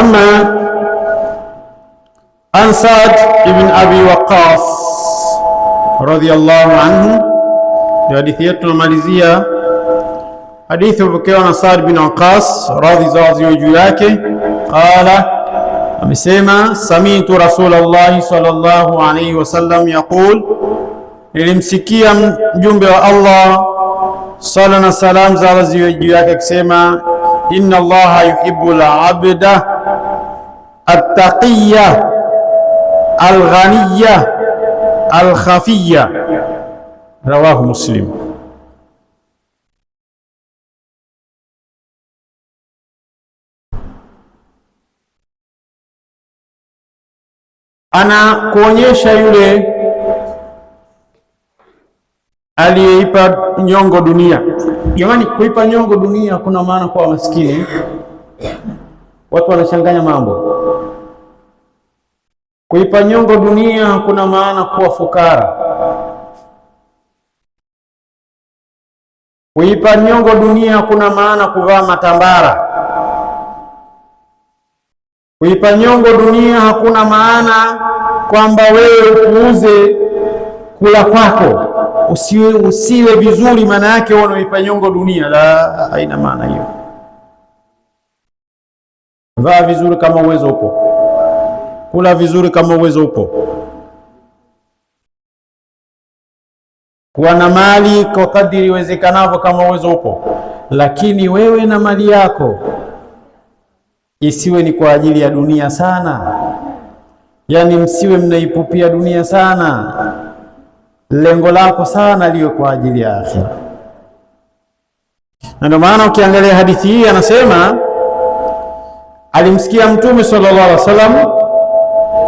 أما أنصاد بن أبي وقاص رضي الله عنه حديثيتنا ماليزيا حديث بكيو أنصاد بن وقاص رضي الله عنه قال أمسيما سمعت رسول الله صلى الله عليه وسلم يقول ilimsikia mjumbe wa allah sala na salam za waziwe juu yake التقية الغنية الخفية رواه Muslim. ana kuonyesha yule aliyeipa nyongo dunia. Jamani, kuipa nyongo dunia kuna maana kuwa maskini. Watu wanachanganya mambo. Kuipa nyongo dunia hakuna maana kuwa fukara. Kuipa nyongo dunia hakuna maana kuvaa matambara. Kuipa nyongo dunia hakuna maana kwamba wewe upuuze kula kwako, usiwe usiwe vizuri, maana yake unaipa nyongo dunia. La, haina maana hiyo. Vaa vizuri kama uwezo upo kula vizuri kama uwezo upo, kuwa na mali kwa kadiri iwezekanavyo kama uwezo upo, lakini wewe na mali yako isiwe ni kwa ajili ya dunia sana, yaani msiwe mnaipupia dunia sana. Lengo lako sana liwe kwa ajili ya akhira, na ndio maana ukiangalia hadithi hii anasema alimsikia Mtume sallallahu alaihi wasallam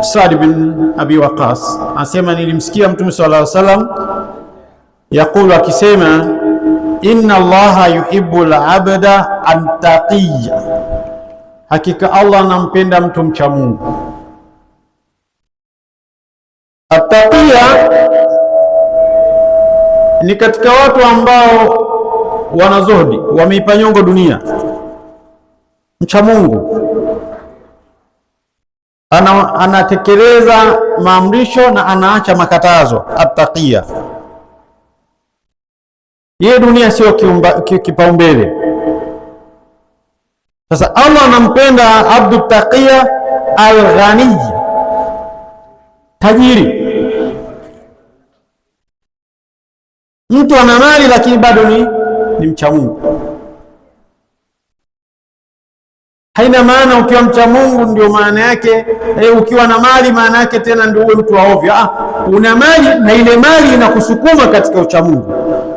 Saad bin Abi Waqas asema nilimsikia Mtume sallallahu alaihi wasallam yaqulu, akisema inna Allaha yuhibbu al-abda antaqiya, hakika Allah anampenda mtu mcha Mungu. Ataqiya ni katika watu ambao wana wameipa wameipanyongo dunia, mcha Mungu anatekeleza maamrisho na anaacha makatazo. Attaqiya, ye dunia sio kipaumbele. Sasa Allah anampenda abdu taqiya alghani, tajiri, mtu ana mali lakini bado ni ni mcha Mungu. Haina maana ukiwa mcha Mungu ndio maana yake e, ukiwa na mali maana yake tena ndio uwe mtu wa ovyo. Ah, una mali na ile mali inakusukuma katika ucha Mungu.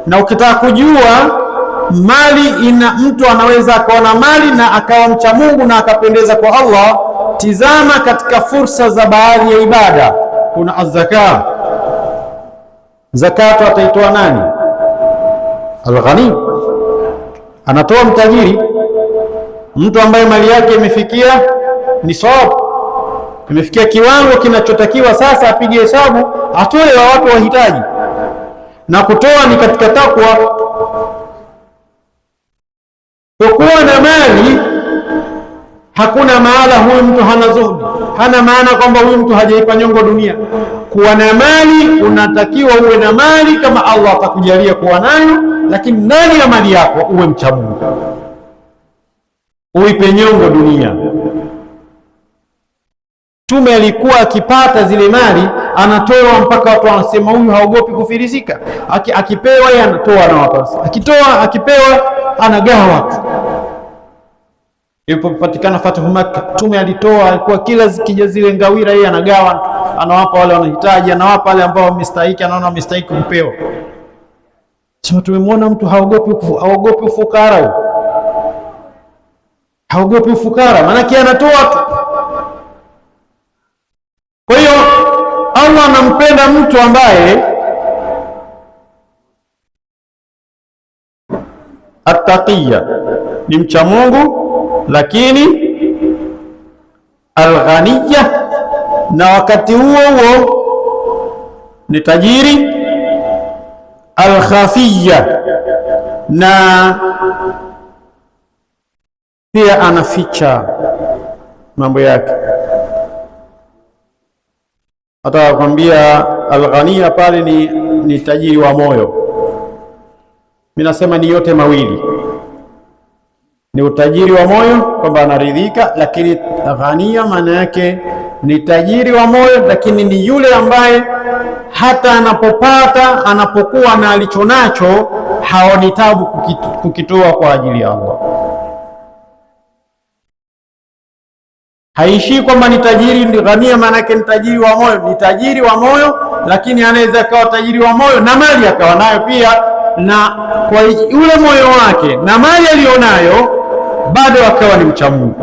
Na ukitaka kujua mali ina, mtu anaweza akawa na mali na akawa mcha Mungu na akapendeza kwa Allah, tizama katika fursa za baadhi ya ibada. Kuna azaka, zakato ataitoa nani? Alghani anatoa mtajiri mtu ambaye mali yake imefikia ni sawabu imefikia kiwango kinachotakiwa sasa apige hesabu, atoe wa watu wahitaji, na kutoa ni katika takwa. Kuwa na mali hakuna maana huyu mtu hana zuhudi, hana maana kwamba huyu mtu hajaipa nyongo dunia. Kuwa na mali, unatakiwa uwe na mali kama Allah atakujalia kuwa nayo, lakini ndani ya mali yako uwe mcha Mungu uipe nyongo dunia. Mtume alikuwa akipata zile mali anatoa mpaka watu wanasema huyu haogopi kufirizika. Aki, akipewa yeye anatoa na watu, akitoa akipewa anagawa watu. Ilipopatikana Fathu Makka, Mtume alitoa, alikuwa kila zikija zile ngawira yeye anagawa, anawapa wale wanahitaji, anawapa wale ambao wamestahiki, anaona wamestahiki kupewa. Sema tumemwona mtu haogopi haogopi ufukara haogopi ufukara, maanake anatoa tu. Kwa hiyo Allah anampenda mtu ambaye attaqiya ni mcha Mungu, lakini alghaniya na wakati huo huo ni tajiri, alkhafiya na pia anaficha mambo yake. Hata kwambia alghania pale ni, ni tajiri wa moyo. Mimi nasema ni yote mawili, ni utajiri wa moyo kwamba anaridhika, lakini ghania maana yake ni tajiri wa moyo, lakini ni yule ambaye hata anapopata anapokuwa na alichonacho haoni tabu kukitoa kwa ajili ya Allah. haishii kwamba ni tajiri ghania, maanake ni tajiri wa moyo, ni tajiri wa moyo, lakini anaweza akawa tajiri wa moyo na mali akawa nayo pia, na kwa yule moyo wake na mali aliyonayo bado akawa ni mcha Mungu.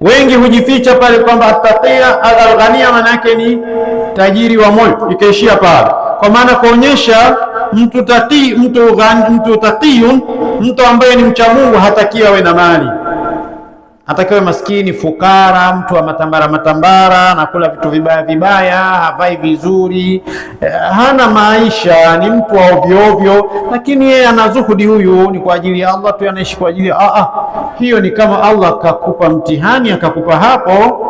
Wengi hujificha pale kwamba atakia alghania, yake ni tajiri wa moyo, ikaishia pale, kwa maana kuonyesha mtu tatii, mtu mtu takiyun Mtu ambaye ni mcha Mungu hatakiwa awe na mali, hatakiwa maskini, fukara, mtu wa matambara matambara, anakula vitu vibaya vibaya, havai vizuri, eh, hana maisha, ni mtu wa ovyo ovyo, lakini yeye ana zuhudi. Huyu ni kwa ajili ya Allah tu, anaishi kwa ajili ya ah, ah. hiyo ni kama Allah akakupa mtihani akakupa hapo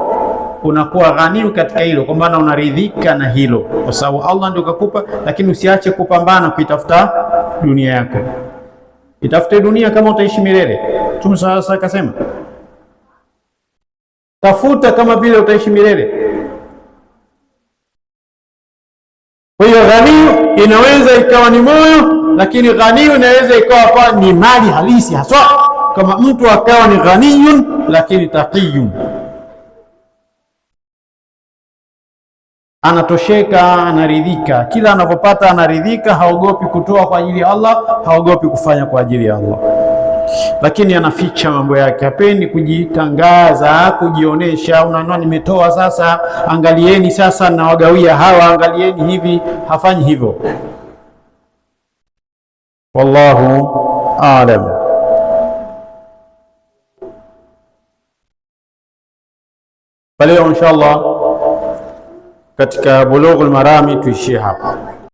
unakuwa ghaniu katika hilo, kwa maana unaridhika na hilo, kwa sababu Allah ndio kakupa, lakini usiache kupambana kuitafuta dunia yako. Itafute dunia kama utaishi milele. Mtume sala sala akasema, tafuta kama vile utaishi milele. Kwa hiyo ghaniu inaweza ikawa ni moyo, lakini ghaniu inaweza ikawa ni mali halisi haswa, kama mtu akawa ni ghaniyun lakini taqiyun anatosheka, anaridhika, kila anavyopata anaridhika, haogopi kutoa kwa ajili ya Allah, haogopi kufanya kwa ajili ya Allah, lakini anaficha mambo yake, hapendi kujitangaza, kujionyesha, unaona, nimetoa sasa, angalieni sasa nawagawia hawa, angalieni hivi. Hafanyi hivyo, wallahu alam Kwa inshallah katika Bulughul Marami tuishie hapa.